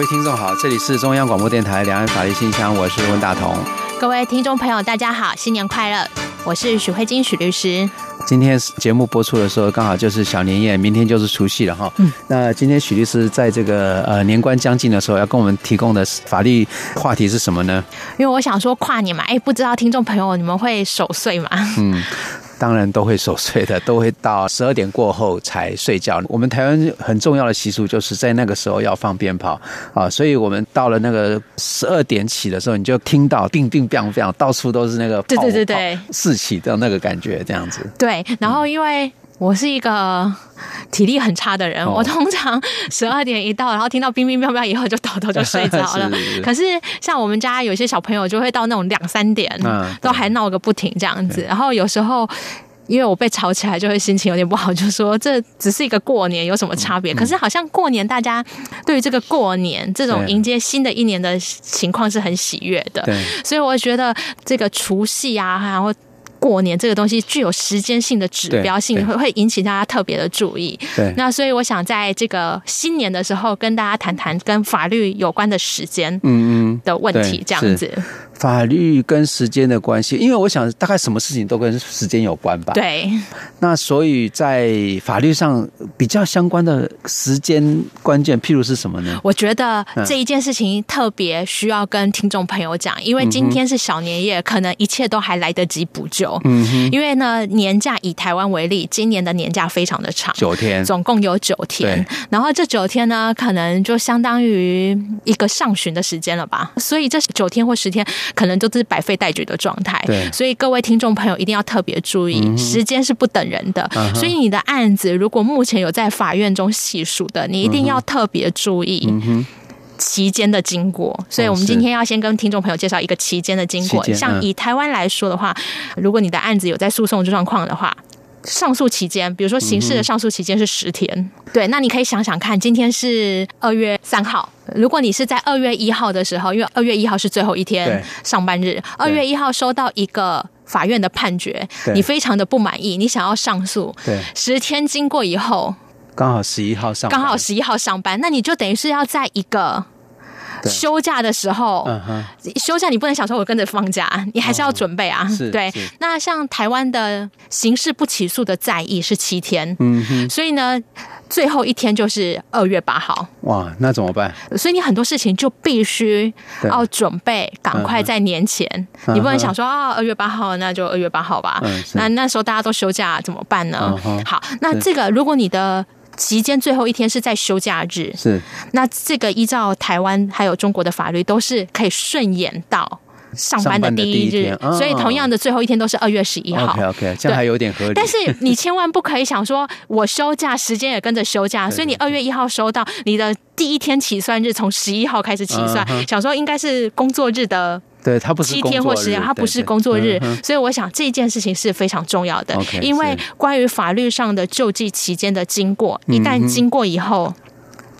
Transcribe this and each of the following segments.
各位聽眾好，這裡是中央廣播電台兩岸法律信箱，我是溫大同。各位聽眾朋友，大家好，新年快樂！我是許慧金許律師。今天節目播出的時候，剛好就是小年夜，明天就是除夕了哈。嗯。那今天許律師在這個呃年關將近的時候，要跟我們提供的法律話題是什麼呢？因為我想說跨年嘛，哎，不知道聽眾朋友你們會守歲嗎？嗯。當然都會守歲的，都會到十二點過後才睡覺。我們台灣很重要的習俗就是在那個時候要放鞭炮啊，所以我們到了那個十二點起的時候，你就聽到“叮叮 b a 到處都是那個跑跑對對對對四起的那個感覺，這樣子。對，然後因為。嗯我是一個體力很差的人，哦、我通常十二點一到，然後聽到冰冰喵喵喵以後就倒頭就睡着了。是是是是。可是像我們家有些小朋友就會到那種兩三點都還鬧個不停這樣子。嗯、然後有時候因為我被吵起來，就會心情有點不好，就說這只是一個過年有什麼差別？嗯、可是好像過年大家對於這個過年、嗯、這種迎接新的一年的情況是很喜悅的，對所以我覺得這個除夕啊，然後。過年這個東西具有時間性的指標性，會會引起大家特別的注意。對，對。那所以我想在這個新年的時候跟大家談談跟法律有關的時間嗯的問題，這樣子。嗯嗯法律跟時間的關係，因為我想大概什麼事情都跟時間有關吧。對。那所以，在法律上比較相關的時間關鍵，譬如是什麼呢？我覺得這一件事情特別需要跟聽眾朋友講，嗯、因為今天是小年夜，嗯、哼可能一切都還來得及補救。嗯哼。因為呢，年假以台灣為例，今年的年假非常的長，九天，總共有九天。對然後這九天呢，可能就相當於一個上旬的時間了吧。所以這九天或十天。可能就是百廢待舉的狀態，對所以各位聽眾朋友一定要特別注意，嗯、哼時間是不等人的。啊、哈所以你的案子如果目前有在法院中繫屬的，嗯、哼你一定要特別注意、嗯、哼期間的經過。所以我們今天要先跟聽眾朋友介紹一個期間的經過。哦、是像以台灣來說的話，如果你的案子有在訴訟狀況的話。上訴期間，比如說刑事的上訴期間是十天，嗯、哼對。那你可以想想看，今天是二月三號，如果你是在二月一號的時候，因為二月一號是最後一天上班日，二對月一號收到一個法院的判決，對你非常的不滿意，你想要上訴，十對天經過以後，剛好十一號上，剛好十一號上班，那你就等於是要在一個。休假的時候，休假你不能想說我跟着放假，你還是要準備啊。對，那像台灣的刑事不起訴的再議是七天，所以呢，最後一天就是二月八號。哇，那怎麼辦？所以你很多事情就必須要準備，趕快在年前，你不能想說啊，二月八號那就二月八號吧。那那時候大家都休假怎麼辦呢？好，那這個如果你的。期間最後一天是在休假日。是。那這個依照台灣還有中國的法律都是可以順延到上班的第一日。一哦、所以同樣的最後一天都是二月十一號。OK OK，這樣對還有點合理。但是你千萬不可以想說我休假 時間也跟着休假，所以你二月一號收到你的第一天起算日從十一號開始起算，嗯、哼想說應該是工作日的。對，他不是七天或十天，它不是工作日，所以我想這件事情是非常重要的，嗯、哼因為關於法律上的救濟期間的經過，Okay, 一旦經過以後。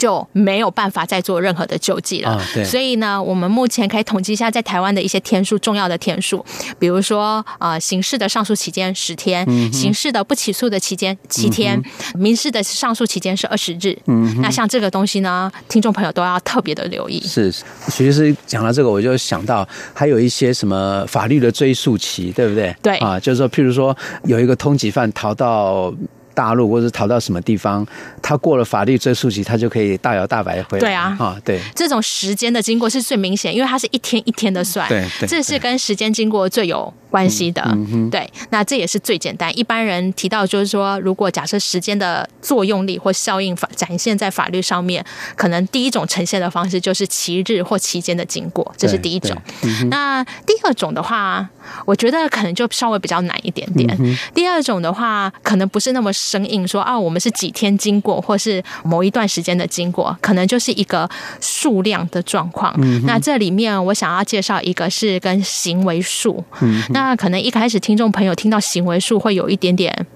就沒有辦法再做任何的救濟了。啊、所以呢，我們目前可以統計一下在台灣的一些天數，重要的天數，比如說啊，呃、刑事的上訴期間十天，嗯、哼、刑事的不起訴的期間七天，嗯、哼、民事的上訴期間是二十日。嗯哼，那像這個東西呢，聽眾朋友都要特別的留意。是，是，其實講到這個，我就想到還有一些什麼法律的追訴期，對不對？對啊，就是說，譬如說，有一個通緝犯逃到。大陸，或者逃到什麼地方，他過了法律追溯期，他就可以大搖大擺回來。對啊，啊、哦，對，這種時間的經過是最明顯，因為它是一天一天的算。嗯、對，對對，這是跟時間經過最有關係的。嗯嗯、哼，對，那這也是最簡單。一般人提到就是說，如果假設時間的作用力或效應展現在法律上面，可能第一種呈現的方式就是期日或期間的經過，這是第一種。嗯、那第二種的話，我覺得可能就稍微比較難一點點。嗯、哼第二種的話，可能不是那麼。聲音說啊，我們是幾天經過，或是某一段時間的經過，可能就是一個數量的狀況。嗯、哼那這裡面我想要介紹一個是跟行為數，嗯、哼那可能一開始聽眾朋友聽到行為數會有一點點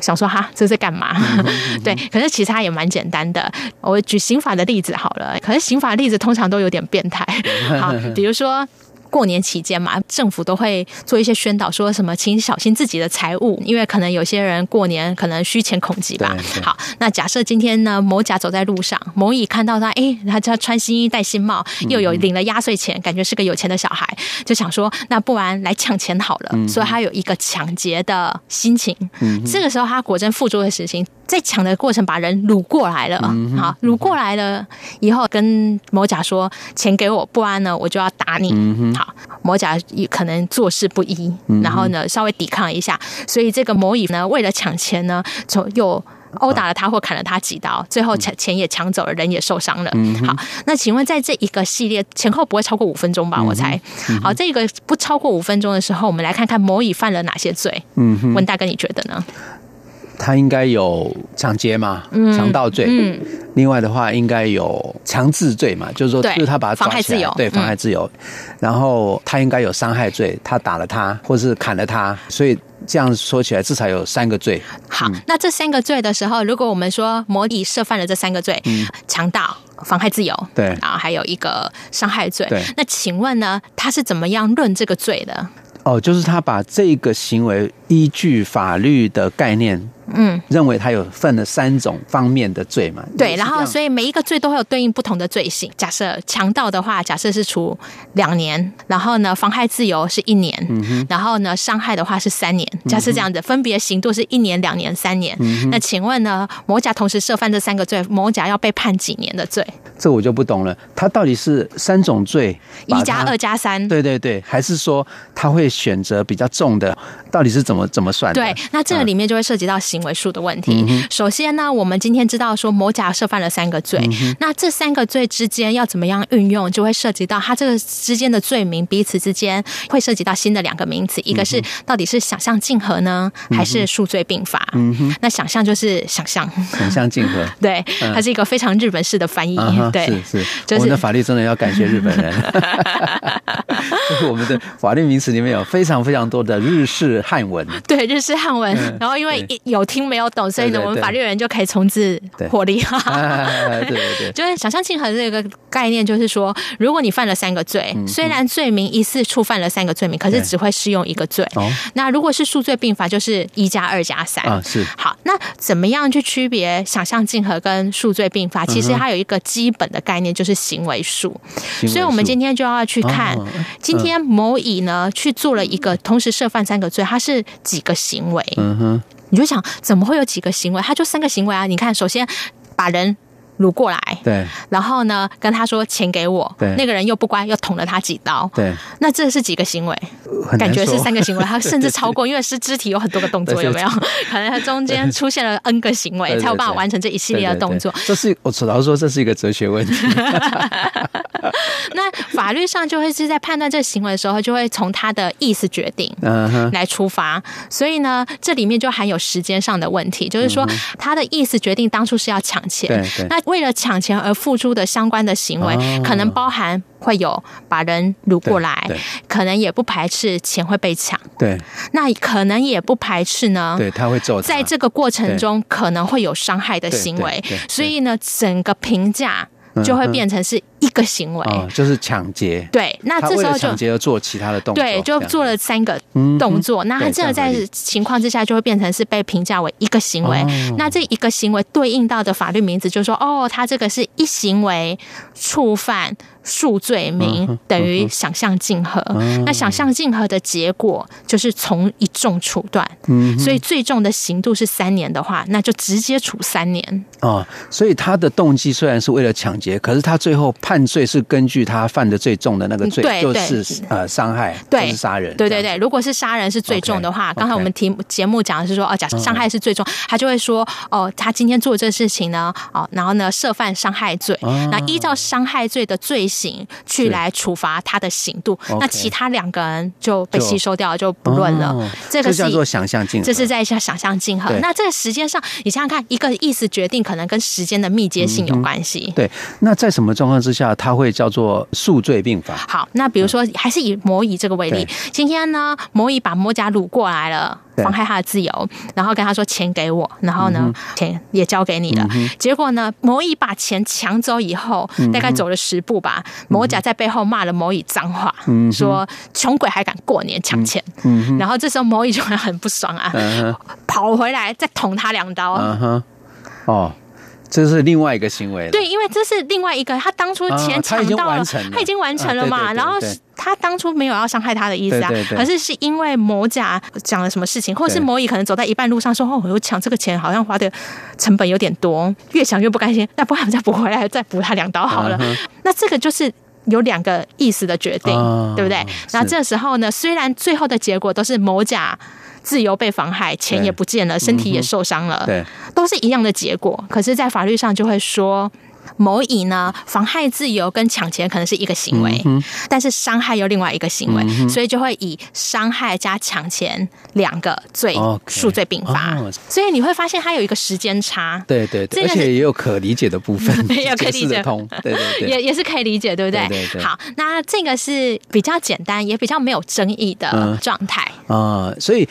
想說哈，這是幹嘛？嗯、哼 對，可是其實也蠻簡單的。我舉刑法的例子好了，可是刑法例子通常都有點變態。好，比如說。 過年期間嘛，政府都會做一些宣導，說什麼請小心自己的財物，因為可能有些人過年可能需錢孔急吧。對對，好，那假設今天呢，某甲走在路上，某乙看到他，哎，他穿新衣戴新帽，又有領了壓歲錢，嗯、哼感覺是個有錢的小孩，就想說，那不然來搶錢好了，嗯、哼所以他有一個搶劫的心情。嗯、哼這個時候他果真付諸了實行，在搶的過程把人擄過來了。嗯、哼好，擄過來了以後跟某甲說，錢給我不，不然呢我就要打你。嗯某甲也可能做事不一，嗯、哼然後呢，稍微抵抗一下，所以這個某乙呢，為了搶錢呢，從又毆打了他或砍了他幾刀，最後錢錢也搶走了，嗯、哼人也受傷了。好，那請問在這一個系列前後不會超過五分鐘吧？嗯、哼我猜。好，這一個不超過五分鐘的時候，我們來看看某乙犯了哪些罪？嗯哼，文大哥，你覺得呢？他應該有搶劫嘛，嗯、強盜罪。嗯，另外的話應該有強制罪嘛，嗯、就是說，就是他把他妨害自由。對，妨害自由。嗯、然後他應該有傷害罪，他打了他，或者是砍了他，所以這樣說起來至少有三個罪。嗯、好，那這三個罪的時候，如果我們說某乙涉犯了這三個罪，嗯、強盜、妨害自由，對，然後還有一個傷害罪。對那請問呢，他是怎麼樣論這個罪的？哦，就是他把這個行為。依據法律的概念，嗯，認為他有犯了三種方面的罪嘛？對，然後所以每一個罪都會有對應不同的罪行。假設強盜的話，假設是處兩年，然後呢妨害自由是一年，嗯、哼然後呢傷害的話是三年，嗯、哼假設這樣子，分別刑度是一年、兩年、三年。嗯、哼那請問呢，某甲同時涉犯這三個罪，某甲要被判幾年的罪？這我就不懂了，他到底是三種罪，一加二加三？對對對，還是說他會選擇比較重的？到底是怎麼？怎麼算？對，那這個裡面就會涉及到行為數的問題。首先呢，我們今天知道說某甲涉犯了三個罪，那這三個罪之間要怎麼樣運用，就會涉及到他這個之間的罪名彼此之間會涉及到新的兩個名詞，一個是到底是想象競合呢，還是數罪併罰？那想象就是想象，想象競合，對，它是一個非常日本式的翻譯。對，是，是，就是我的法律真的要感謝日本人。就 是我們的法律名詞裡面有非常非常多的日式漢文， 對日式漢文，然後因為有聽沒有懂，嗯、所以呢，我們法律人就可以從中獲利。哈。對對對，對對 就是想象競合這個概念，就是說，如果你犯了三個罪，嗯嗯、雖然罪名一次觸犯了三個罪名，可是只會適用一個罪。嗯、那如果是數罪併罰，就是一加二加三啊。是，好，那怎麼樣去區別想象競合跟數罪併罰？嗯、哼其實它有一個基本的概念，就是行為數。為數，所以，我們今天就要去看、啊。啊啊今天某乙呢去做了一個同時涉犯三個罪，他是幾個行為？嗯哼，你就想怎麼會有幾個行為？他就三個行為啊！你看，首先把人擄過來，對，然後呢跟他說錢給我，對，那個人又不乖，又捅了他幾刀，對，那這是幾個行為？呃、感覺是三個行為，他甚至超過， 對因為是肢體有很多個動作，對有沒有？可能他中間出現了 N 個行為，對對對才有辦法完成這一系列的動作。對對對，這是我老實說，這是一個哲學問題。 那法律上就會是在判斷這個行為的時候，就會從他的意思決定來出發。Uh huh. 所以呢，這裡面就含有時間上的問題，就是說他的意思決定當初是要搶錢。Uh huh. 那為了搶錢而付出的相關的行為，uh huh. 可能包含會有把人擄過來，uh huh. 可能也不排斥錢會被搶。對，uh huh. 那可能也不排斥呢。對，uh huh. 他會在這個過程中可能會有傷害的行為。Uh huh. 所以呢，整個評價。就會變成是一個行為，嗯、就是搶劫。對，那這時候就搶劫，而做其他的動作，對，就做了三個動作。樣嗯、哼那他這個在情況之下，就會變成是被評價為一個行為。嗯、哼那這一個行為對應到的法律名詞，就是說，哦，哦，他這個是一行為觸犯數罪名等於想象競合，那想象競合的結果就是從一重處斷，所以最重的刑度是三年的話，那就直接處三年。所以他的動機雖然是為了搶劫，可是他最後判罪是根據他犯的最重的那個罪，就是呃傷害，就是殺人，對對對。如果是殺人是最重的話，剛才我們題節目講的是說哦，假設傷害是最重，他就會說哦，他今天做這事情呢，哦，然後呢，涉犯傷害罪，那依照傷害罪的罪。刑去來處罰他的刑度，是那其他兩個人就被吸收掉了，就，就不論了。哦、這個叫做想象競合，這是在下想象競合。對那這個時間上，你想想看，看，一個意思決定可能跟時間的密接性有關係，嗯嗯。對，那在什麼狀況之下，他會叫做數罪併罰？好，那比如說，還是以某乙這個為例，嗯，今天呢，某乙把某甲擄過來了。妨對害他的自由，然後跟他說，錢給我，然後呢，嗯、哼錢也交給你了。嗯、哼結果呢，某乙把錢搶走以後，嗯、哼大概走了十步吧，嗯、哼某甲在背後罵了某乙髒話，嗯、哼說窮鬼還敢過年搶錢。嗯嗯、然後這時候某乙就很不爽啊，嗯、哼跑回來再捅他兩刀、嗯。哦。這是另外一個行為。對，因為這是另外一個，他當初錢搶到了，啊、他，已了他已經完成了嘛。啊、對對對對，然後他當初沒有要傷害他的意思啊，對對對對，可是是因為某甲講了什麼事情，或者是某乙可能走在一半路上說，說對哦，我搶這個錢好像花的成本有點多，越想越不甘心，那不然我再補回來，再補他兩刀好了。嗯、哼那這個就是有兩個意思的決定，嗯、對不對？是那這時候呢，雖然最後的結果都是某甲。自由被妨害，錢也不見了，身體也受傷了，對，都是一樣的結果。可是，在法律上就會說，某乙呢，妨害自由跟搶錢可能是一個行為，但是傷害又另外一個行為，所以就會以傷害加搶錢兩個罪數罪併罰。所以你會發現它有一個時間差，對對對，而且也有可理解的部分，也有可理解，也也是可以理解，對不對？對對。好，那這個是比較簡單，也比較沒有爭議的狀態啊，所以。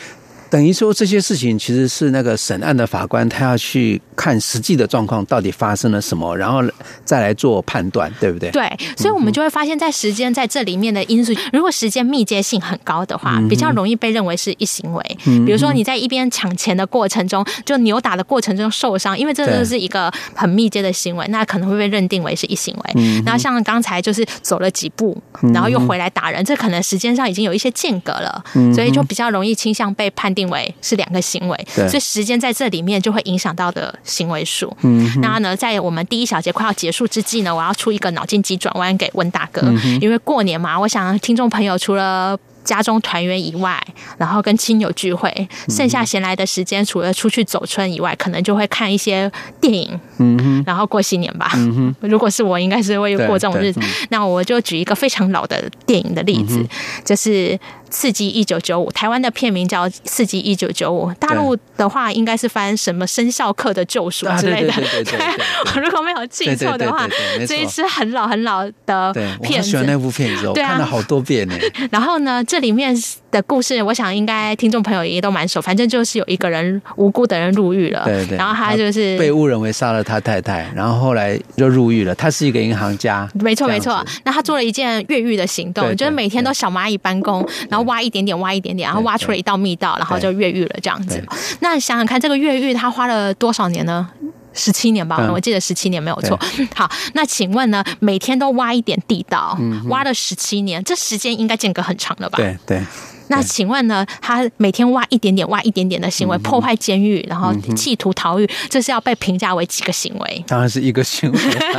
等於說這些事情其實是那個審案的法官，他要去看實際的狀況到底發生了什麼，然後再來做判斷，對不對？對，所以我們就會發現，在時間在這裡面的因素，如果時間密接性很高的話，比較容易被認為是一行為。比如說你在一邊搶錢的過程中，就扭打的過程中受傷，因為這個是一個很密接的行為，那可能會被認定為是一行為。那像剛才就是走了幾步，然後又回來打人，這可能時間上已經有一些間隔了，所以就比較容易傾向被判定，行為是兩個行為，對所以時間在這裡面就會影響到的行為數。嗯哼，那呢，在我們第一小節快要結束之際呢，我要出一個腦筋急轉彎給溫大哥，嗯、哼因為過年嘛，我想聽眾朋友除了家中團圓以外，然後跟親友聚會，嗯、哼剩下閒來的時間，除了出去走春以外，可能就會看一些電影，嗯哼，然後過新年吧。嗯、哼如果是我，應該是會過這種日子。嗯、那我就舉一個非常老的電影的例子，嗯、哼就是。《刺激一九九五》，台灣的片名叫《刺激一九九五》，大陸的話應該是翻什麼《生肖課的救贖》之類的。如果沒有記錯的話，這一次很老很老的片子。我喜歡那部片子，我看了好多遍呢。然後呢，這裡面的故事，我想應該聽眾朋友也都蠻熟。反正就是有一個人無辜的人入獄了，然後他就是被誤認為殺了他太太，然後後來就入獄了。他是一個銀行家，沒錯沒錯。那他做了一件越獄的行動，就是每天都小螞蟻搬工，然後。挖一點點，挖一點點，然後挖出了一道密道，對然後就越獄了，這樣子。那想想看，這個越獄他花了多少年呢？十七年吧，嗯、我記得十七年沒有錯。對好，那請問呢，每天都挖一點地道，嗯、哼挖了十七年，這時間應該間隔很長了吧？對對。對對，那請問呢，他每天挖一點點，挖一點點的行為破壞監獄，然後企圖逃獄，這、嗯、哼是要被評價為幾個行為？當然是一個行為。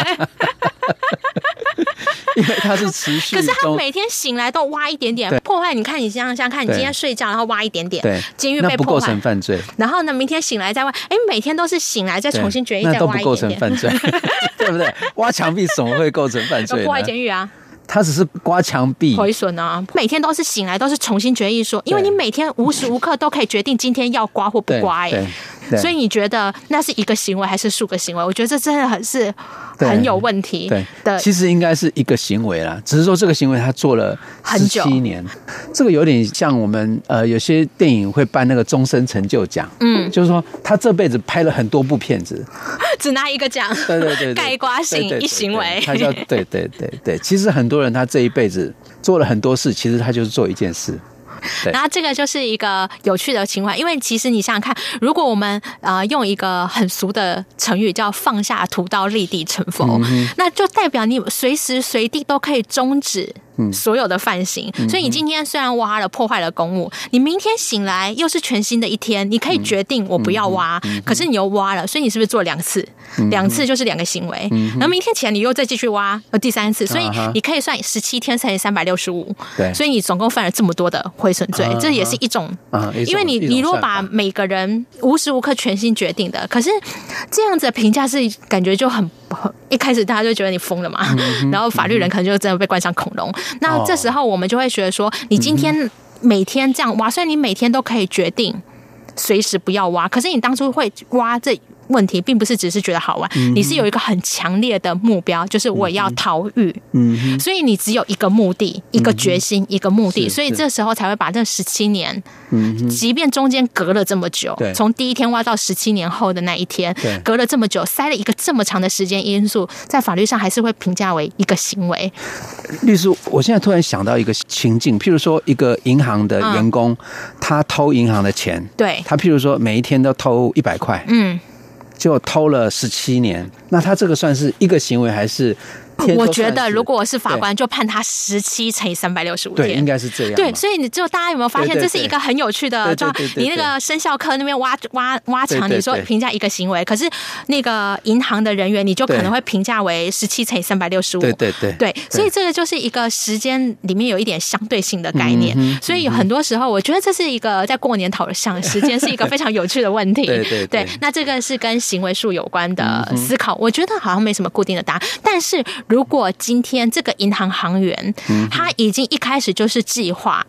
因為他是持續，可是他每天醒來都挖一點點破壞。對你看，你想想看你今天睡覺，然後挖一點點，監獄被破壞對不構成犯罪。然後呢，明天醒來再挖，哎、欸，每天都是醒來再重新決議，再挖一點點，那都不構成犯罪， 對不對？挖牆壁怎麼會構成犯罪？破壞監獄啊？他只是刮牆壁，毀損啊！每天都是醒來，都是重新決議說，對因為你每天無時無刻都可以決定今天要刮或不刮、欸。對所以你覺得那是一個行為還是數個行為？我覺得這真的很是很有問題對,對，其實應該是一個行為啦，只是說這個行為他做了十七年，久這個有點像我們呃有些電影會辦那個終身成就獎，嗯，就是說他這輩子拍了很多部片子，只拿一個獎，對對對，概括性一行為。對對對對他叫對對對對，其實很多人他這一輩子做了很多事，其實他就是做一件事。然後這個就是一個有趣的情況，因為其實你想想看，如果我們呃用一個很俗的成語叫放下屠刀立地成佛，嗯、哼那就代表你隨時隨地都可以終止。所有的犯行，所以你今天雖然挖了，破壞了公物，嗯、哼你明天醒來又是全新的一天，你可以決定我不要挖，嗯嗯、可是你又挖了，所以你是不是做兩次？兩、嗯、哼次就是兩個行為，嗯、哼然後明天起來你又再繼續挖，第三次，所以你可以算十七天乘以三百六十五，對，所以你總共犯了這麼多的毀損罪，啊、哈這也是一種、啊、哈因為你種你如果把每個人無時無刻全新決定的，可是這樣子的評價是感覺就很一開始大家就覺得你瘋了嘛，嗯、哼然後法律人可能就真的被冠上恐龍。那這時候我們就會覺得說，哦、你今天每天這樣挖，雖然、嗯、哼你每天都可以決定隨時不要挖，可是你當初會挖這。問題並不是只是覺得好玩，你是有一個很強烈的目標，就是我要逃獄。嗯，所以你只有一個目的、一個決心、一個目的，所以這時候才會把這十七年，嗯，即便中間隔了這麼久，從第一天挖到十七年後的那一天，隔了這麼久，塞了一個這麼長的時間因素，在法律上還是會評價為一個行為。律師，我現在突然想到一個情境，譬如說，一個銀行的員工，嗯，他偷銀行的錢，對，他譬如說，每一天都偷一百塊，嗯。就偷了十七年，那他這個算是一個行為還是？我覺得，如果我是法官，就判他十七乘以三百六十五天，應該是這樣。對，所以你就大家有沒有發現，這是一個很有趣的狀？你那個生效科那邊挖挖挖牆，你說評價一個行為，對對對對，可是那個銀行的人員，你就可能會評價為十七乘以三百六十五。對對對。對，對，對，對，對，對，所以這個就是一個時間裡面有一點相對性的概念。所以很多時候，我覺得這是一個在過年討論上，時間是一個非常有趣的問題。嗯、哼對對對，對，對。那這個是跟行為數有關的思考，嗯、哼我覺得好像沒什麼固定的答案，但是。如果今天這個銀行行員，嗯、哼他已經一開始就是計劃。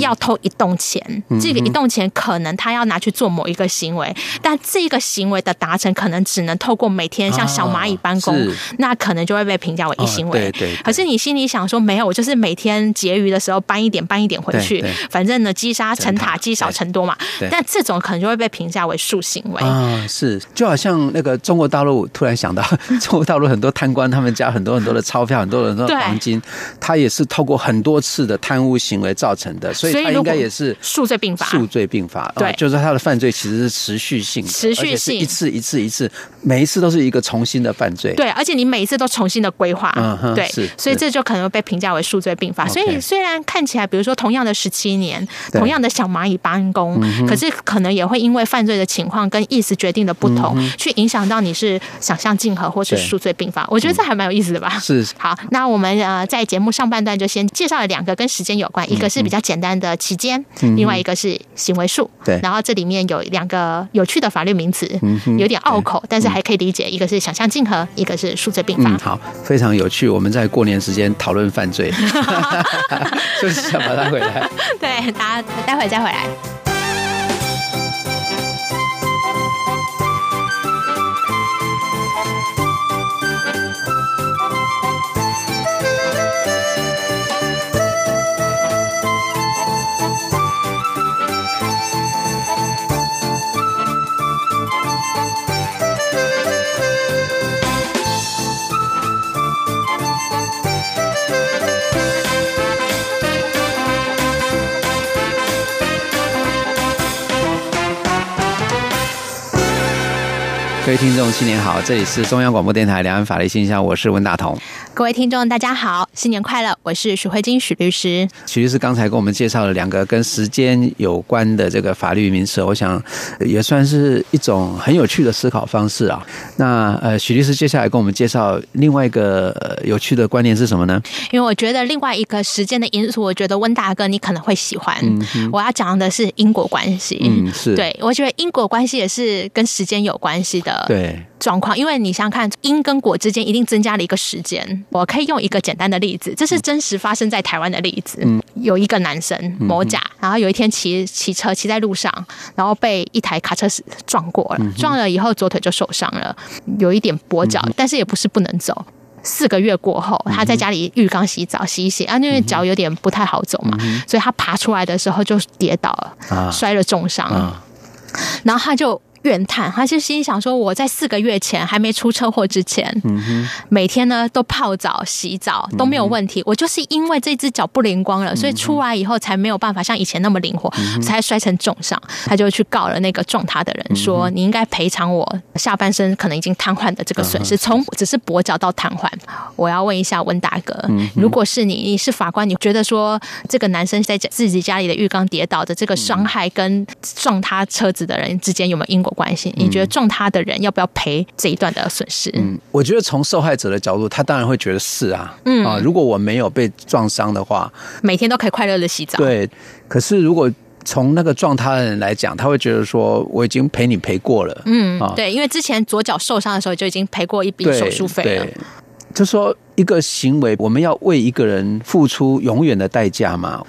要偷移動錢，嗯、哼這個移動錢可能他要拿去做某一個行為，嗯、哼但這個行為的達成可能只能透過每天像小螞蟻搬工，哦、那可能就會被評價為一行為。哦、對，對，對，可是你心裡想說沒有，我就是每天結餘的時候搬一點，搬一點回去，對對對，反正呢，積沙成塔，積少成多嘛。對對對，但這種可能就會被評價為數行為啊、哦。是，就好像那個中國大陸突然想到， 中國大陸很多貪官，他們家很多很多的鈔票，很多很多的黃金，對他也是透過很多次的貪污行為造成的。的，所以他應該也是數罪併罰。數罪併罰，對，就是他的犯罪其實是持續性，持續性一次一次一次，每一次都是一個重新的犯罪，對，而且你每一次都重新的規劃，對，是，所以這就可能被評價為數罪併罰。所以雖然看起來，比如說同樣的十七年，同樣的小螞蟻搬工，可是可能也會因為犯罪的情況跟意思決定的不同，去影響到你是想象競合或是數罪併罰。我覺得這還蠻有意思的吧。是，好，那我們呃在節目上半段就先介紹了兩個跟時間有關，一個是比較。簡單的期間，另外一個是行為數，對、嗯哼，然後這裡面有兩個有趣的法律名詞，嗯、哼有點拗口，對但是還可以理解，一個是想象競合，嗯、一個是數罪併罰。嗯，好，非常有趣，我們在過年時間討論犯罪， 就是想把它帶回來。 對，大家待會兒再回來。各位聽眾，新年好！這裡是中央廣播電台《兩岸法律信箱》，我是溫大同。各位聽眾，大家好，新年快樂！我是許慧金許律師。許律師剛才跟我們介紹了兩個跟時間有關的這個法律名詞，我想也算是一種很有趣的思考方式啊。那呃，許律師接下來跟我們介紹另外一個、呃、有趣的觀念是什麼呢？因為我覺得另外一個時間的因素，我覺得溫大哥你可能會喜歡。嗯、哼我要講的是因果關係。嗯，是。對，我覺得因果關係也是跟時間有關係的。對。狀況，因為你想想看，因跟果之間一定增加了一個時間。我可以用一個簡單的例子，這是真實發生在台灣的例子。嗯、有一個男生某甲，嗯、哼然後有一天騎騎車騎在路上，然後被一台卡車撞過了。撞了以後左腿就受傷了，有一點跛腳，嗯、哼但是也不是不能走。嗯、哼四個月過後，他在家裡浴缸洗澡，洗一洗啊，因為腳有點不太好走嘛，嗯、哼所以他爬出來的時候就跌倒了，啊、摔了重傷。啊、然後他就。怨嘆，他就心想說：“我在四個月前還沒出車禍之前，嗯、哼每天呢都泡澡、洗澡都沒有問題。嗯、哼我就是因為這隻腳不靈光了，所以出來以後才沒有辦法像以前那麼靈活，才、嗯、哼摔成重傷。他就去告了那個撞他的人，說你應該賠償我下半身可能已經癱瘓的這個損失。從只是跛腳到癱瘓，我要問一下溫大哥，嗯、哼如果是你，你是法官，你覺得說這個男生在自己家裡的浴缸跌倒的這個傷害，跟撞他車子的人之間有沒有因果？”關心，你覺得撞他的人要不要賠這一段的損失？嗯，我覺得從受害者的角度，他當然會覺得是啊，嗯啊，如果我沒有被撞傷的話，每天都可以快樂的洗澡。對，可是如果從那個撞他的人來講，他會覺得說，我已經賠你賠過了，嗯啊，對，因為之前左腳受傷的時候就已經賠過一筆手術費了。就說一個行為，我們要為一個人付出永遠的代價嘛。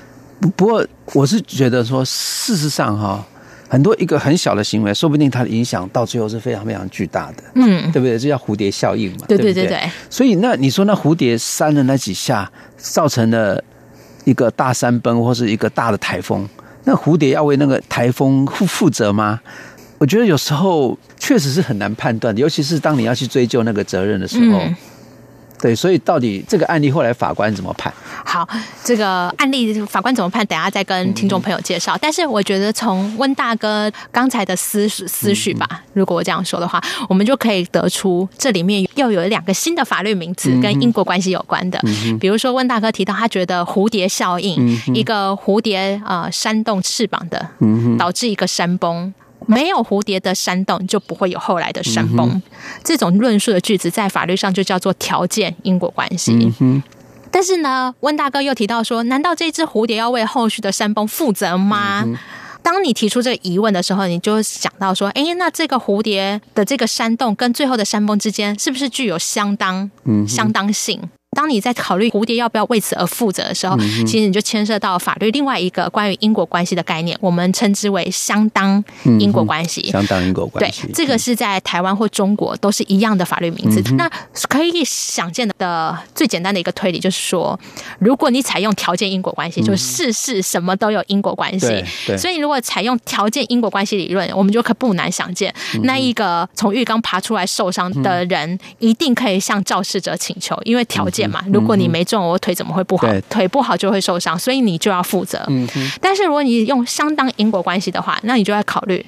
不過我是覺得說，事實上哈。很多一個很小的行為，說不定它的影響到最後是非常非常巨大的，嗯，對不對？這叫蝴蝶效應嘛，對不對？對，對對對。所以那你說那蝴蝶扇的那幾下，造成了一個大山崩或是一個大的台風，那蝴蝶要為那個台風負負責嗎？我覺得有時候確實是很難判斷的，尤其是當你要去追究那個責任的時候。嗯。對，所以到底這個案例後來法官怎麼判？好，這個案例法官怎麼判？等下再跟聽眾朋友介紹。嗯、哼但是我覺得從溫大哥剛才的思思緒吧，嗯、哼如果我這樣說的話，我們就可以得出這裡面又有兩個新的法律名詞跟因果關係有關的。嗯、哼比如說溫大哥提到，他覺得蝴蝶效應，嗯、哼一個蝴蝶啊扇動翅膀的，嗯、哼導致一個山崩。沒有蝴蝶的煽動，就不會有後來的山崩。嗯、哼這種論述的句子，在法律上就叫做條件因果關係。嗯、哼但是呢，溫大哥又提到說，難道這隻蝴蝶要為後續的山崩負責嗎？嗯、哼當你提出這個疑問的時候，你就會想到說，哎，那這個蝴蝶的這個煽動跟最後的山崩之間，是不是具有相當、嗯、哼相當性？當你在考慮蝴蝶要不要為此而負責的時候，嗯、哼其實你就牽涉到法律另外一個關於因果關係的概念，我們稱之為相當因果關係、嗯。相當因果關係，對，嗯、哼這個是在台灣或中國都是一樣的法律名詞。嗯、哼那可以想見的最簡單的一個推理就是說，如果你採用條件因果關係，嗯、哼就事事什麼都有因果關係。對對，所以，如果採用條件因果關係理論，我們就可不難想見，嗯、哼那一個從浴缸爬出來受傷的人，嗯、哼一定可以向肇事者請求，因為條件、嗯。如果你沒撞我腿怎麼會不好？腿不好就會受傷，所以你就要負責。但是如果你用相當因果關係的話，那你就要考慮，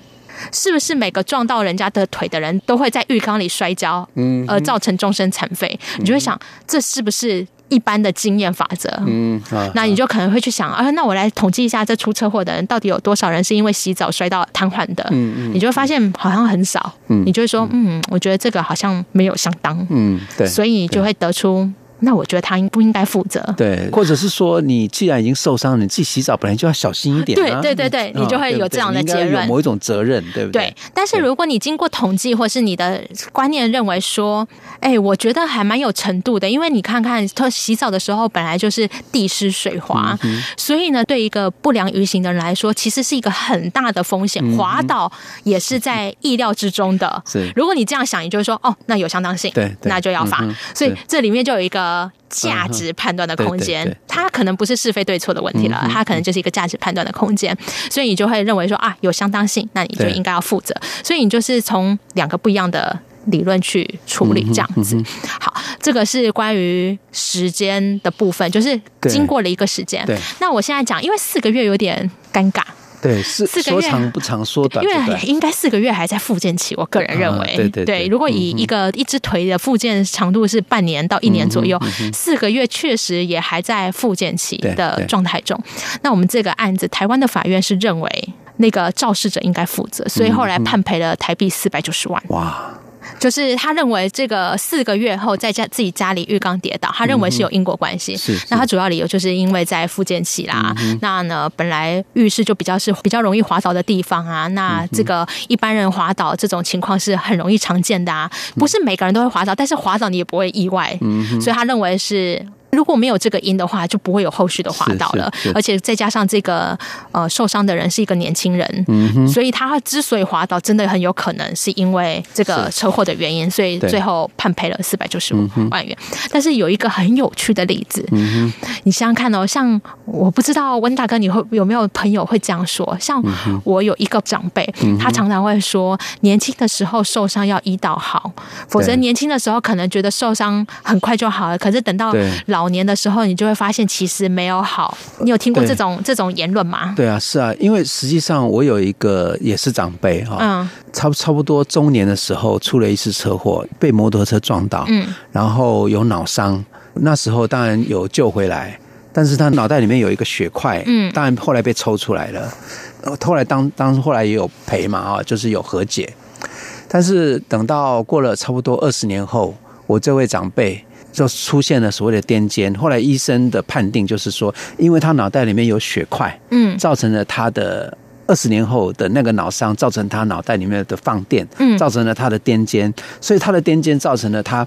是不是每個撞到人家的腿的人都會在浴缸裡摔跤，而造成終身殘廢？你就會想，這是不是一般的經驗法則？嗯，那你就可能會去想，啊，那我來統計一下，這出車禍的人到底有多少人是因為洗澡摔到癱瘓的？嗯，你就會發現好像很少。你就會說，嗯，我覺得這個好像沒有相當。嗯，對，所以你就會得出。那我覺得他應不應該負責？對，或者是說，你既然已經受傷了，你自己洗澡本來就要小心一點啊。對對對對，你就會有這樣的結論，哦，對不對，你應該有某一種責任，對不對？對。但是如果你經過統計，或是你的觀念認為說，對哎，我覺得還蠻有程度的，因為你看看他洗澡的時候，本來就是地濕水滑，嗯、哼所以呢，對一個不良於行的人來說，其實是一個很大的風險，滑倒也是在意料之中的。是。如果你這樣想，你就會說，哦，那有相當性，對，對，那就要罰。嗯、所以這裡面就有一個。呃，價值判斷的空間，它可能不是是非對錯的問題了，它可能就是一個價值判斷的空間，所以你就會認為說啊，有相當性，那你就應該要負責，對。所以你就是從兩個不一樣的理論去處理這樣子。好，這個是關於時間的部分，就是經過了一個時間。對。那我現在講，因為四個月有點尷尬。對，四四個月，說長不長，說短也不短。因為應該四個月還在復健期，哦、我個人認為。啊、對對對，對。如果以一個、嗯、哼一隻腿的復健長度是半年到一年左右，嗯嗯、四個月確實也還在復健期的狀態中。對對對，那我們這個案子，台灣的法院是認為那個肇事者應該負責，所以後來判賠了台幣四百九十萬、嗯。哇！就是他認為這個四個月後在家自己家裡浴缸跌倒，他認為是有因果關係、嗯。是，是，那他主要理由就是因為在復健期啦。嗯、哼那呢，本來浴室就比較是比較容易滑倒的地方啊。那這個一般人滑倒這種情況是很容易常見的啊，不是每個人都會滑倒，嗯、但是滑倒你也不會意外。嗯哼。所以他認為是。如果沒有這個因的話，就不會有後續的滑倒了。是是是，而且再加上這個呃受傷的人是一個年輕人，嗯、哼所以他之所以滑倒，真的很有可能是因為這個車禍的原因。是所以最後判賠了四百九十五萬元。嗯、哼但是有一個很有趣的例子，嗯、哼你想想看哦，像我不知道溫大哥，你會有沒有朋友會這樣說？像我有一個長輩，嗯、哼他常常會說，年輕的時候受傷要醫到好，否則年輕的時候可能覺得受傷很快就好了，可是等到老。老年的時候，你就會發現其實沒有好。你有聽過這種對這種言論嗎？對啊，是啊，因為實際上我有一個也是長輩哈，差不、嗯、差不多中年的時候出了一次車禍，被摩托車撞到，嗯，然後有腦傷。那時候當然有救回來，但是他腦袋裡面有一個血塊，嗯，當然後來被抽出來了。後來當當時後來也有賠嘛，啊，就是有和解。但是等到過了差不多二十年後，我這位長輩。就出現了所謂的癲癇。後來醫生的判定就是說，因為他腦袋裡面有血塊，嗯，造成了他的二十年後的那個腦傷，造成他腦袋裡面的放電，嗯，造成了他的癲癇，所以他的癲癇造成了他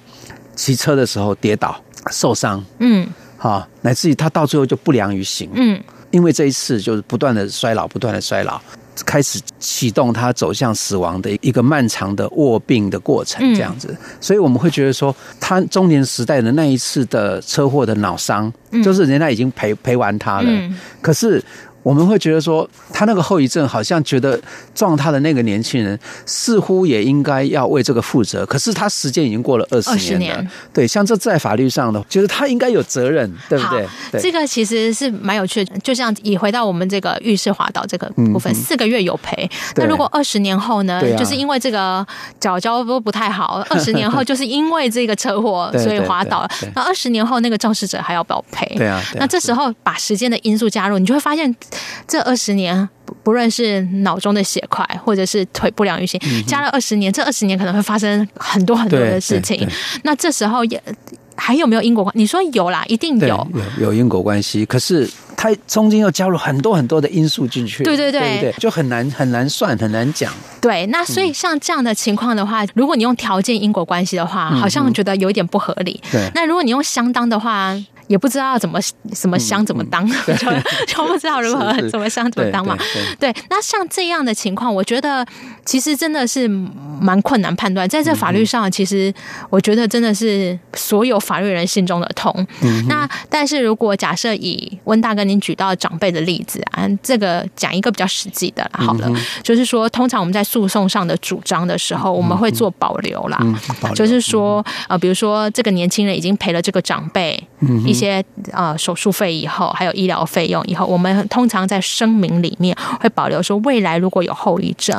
騎車的時候跌倒，受傷，嗯，好，乃至於他到最後就不良於行，嗯，因為這一次就是不斷的衰老，不斷的衰老。開始啟動他走向死亡的一個漫長的臥病的過程，這樣子，嗯、所以我們會覺得說，他中年時代的那一次的車禍的腦傷，就是人家已經賠賠完了他了，嗯、可是。我們會覺得說，他那個後遺症好像覺得撞他的那個年輕人似乎也應該要為這個負責，可是他時間已經過了二十年了，二十年，對，像這在法律上的，覺得他應該有責任，對不對？好，對，這個其實是蠻有趣的，就像已回到我們這個浴室滑倒這個部分，四、嗯、個月有賠，嗯、那如果二十年後呢？啊、就是因為這個腳腳不不太好，二十年後就是因為這個車禍所以滑倒，那二十年後那個肇事者，還要不要賠？對啊，對啊，那這時候把時間的因素加入，你就會發現。這二十年，不論是腦中的血塊，或者是腿不良於行。加了二十年，嗯、哼這二十年可能會發生很多很多的事情。那這時候也還有沒有因果關係？你說有啦，一定有有因果關係。可是它中間又加入很多很多的因素進去，對對對，對，對，就很難很難算，很難講。對，那所以像這樣的情況的話，嗯、如果你用條件因果關係的話，好像覺得有一點不合理。嗯、對，那如果你用相當的話。也不知道怎麼什麼相怎麼當，就就、嗯嗯、 不知道如何怎麼相怎麼當嘛。對，對，對，對，那像這樣的情況，我覺得其實真的是蠻困難判斷。在這法律上，嗯、其實我覺得真的是所有法律人心中的痛。嗯嗯、那但是如果假設以溫大哥您舉到長輩的例子，啊，這個講一個比較實際的，好了，嗯、就是說通常我們在訴訟上的主張的時候，嗯、我們會做保留啦，嗯嗯、保留就是說呃，比如說這個年輕人已經賠了這個長輩一些呃手術費以後，還有醫療費用以後，我們通常在聲明裡面會保留說，未來如果有後遺症，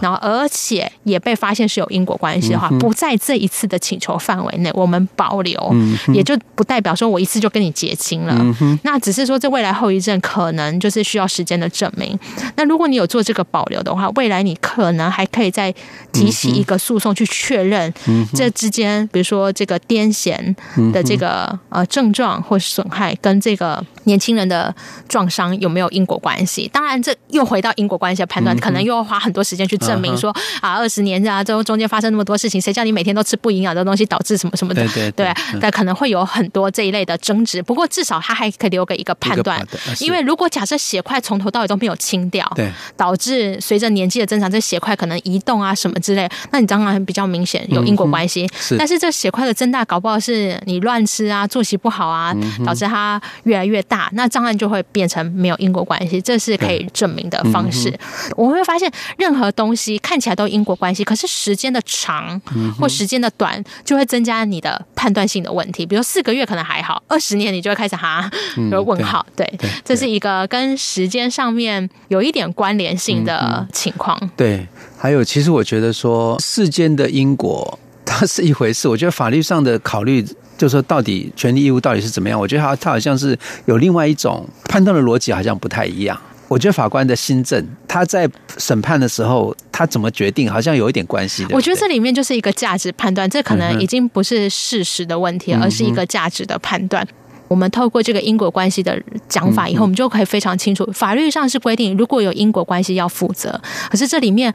然後而且也被發現是有因果關係的話，不在這一次的請求範圍內，我們保留，嗯、哼也就不代表說我一次就跟你結清了。嗯、哼那只是說這未來後遺症可能就是需要時間的證明。那如果你有做這個保留的話，未來你可能還可以再提起一個訴訟去確認這之間，比如說這個癲癇的這個呃症。碰撞或損害跟這個年輕人的撞傷有沒有因果關係？當然，這又回到因果關係的判斷，嗯、哼可能又要花很多時間去證明說、嗯、哼啊，二十年啊，這中間發生那麼多事情，誰叫你每天都吃不營養的東西，導致什麼什麼的？對，但可能會有很多這一類的爭執。不過至少它還可以留給一個判斷，啊、因為如果假設血塊從頭到尾都沒有清掉，對，導致隨着年紀的增長，這血塊可能移動啊什麼之類，那你當然比較明顯有因果關係。嗯、是但是這血塊的增大，搞不好是你亂吃啊，作息不。好啊，導致它越來越大，那障礙就會變成沒有因果關係，這是可以證明的方式。嗯、我們會發現，任何東西看起來都因果關係，可是時間的長或時間的短，就會增加你的判斷性的問題。嗯、哼比如四個月可能還好，二十年你就會開始哈，有、嗯、問號。對，對這是一個跟時間上面有一點關聯性的情況。對，還有，其實我覺得說世間的因果它是一回事，我覺得法律上的考慮。就是說到底權利義務到底是怎麼樣？我覺得他他好像是有另外一種判斷的邏輯，好像不太一樣。我覺得法官的心證，他在審判的時候，他怎麼決定，好像有一點關係的。對對，我覺得這裡面就是一個價值判斷，這可能已經不是事實的問題，嗯、哼而是一個價值的判斷。嗯、哼我們透過這個因果關係的講法以後，我們就可以非常清楚，法律上是規定如果有因果關係要負責，可是這裡面。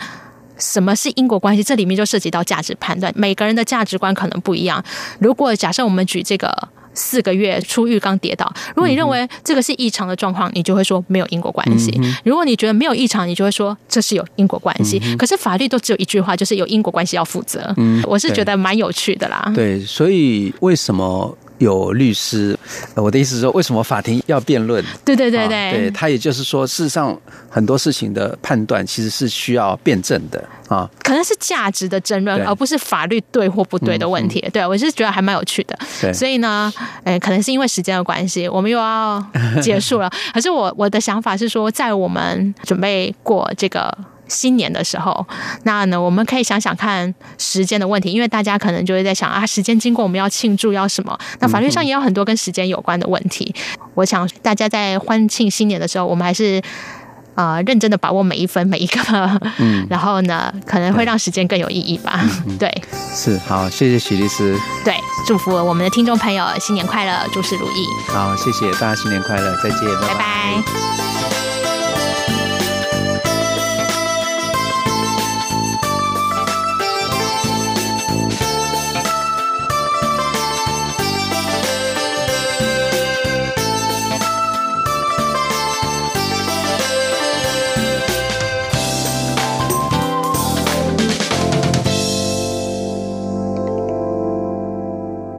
什麼是因果關係？這裡面就涉及到價值判斷，每個人的價值觀可能不一樣。如果假設我們舉這個四個月初浴缸跌倒，如果你認為這個是異常的狀況，你就會說沒有因果關係；嗯、哼如果你覺得沒有異常，你就會說這是有因果關係。嗯、哼可是法律都只有一句話，就是有因果關係要負責。嗯，我是覺得蠻有趣的啦。對，所以為什麼？許律師，我的意思是說，為什麼法庭要辯論？對對對對，啊、對他也就是說，事實上很多事情的判斷其實是需要辯證的啊，可能是價值的爭論，對而不是法律對或不對的問題。對，對我是覺得還蠻有趣的，對所以呢，哎，可能是因為時間的關係，我們又要結束了。 可是我我的想法是說，在我們準備過這個。新年的時候，那呢，我們可以想想看時間的問題，因為大家可能就會在想啊，時間經過，我們要慶祝要什麼？那法律上也有很多跟時間有關的問題。嗯、哼我想大家在歡慶新年的時候，我們還是啊、呃、認真的把握每一分每一刻，嗯，然後呢，可能會讓時間更有意義吧。嗯、哼對，是好，謝謝許律師，對，祝福我們的聽眾朋友新年快樂，諸事如意。好，謝謝大家，新年快樂，再見，拜拜。拜拜。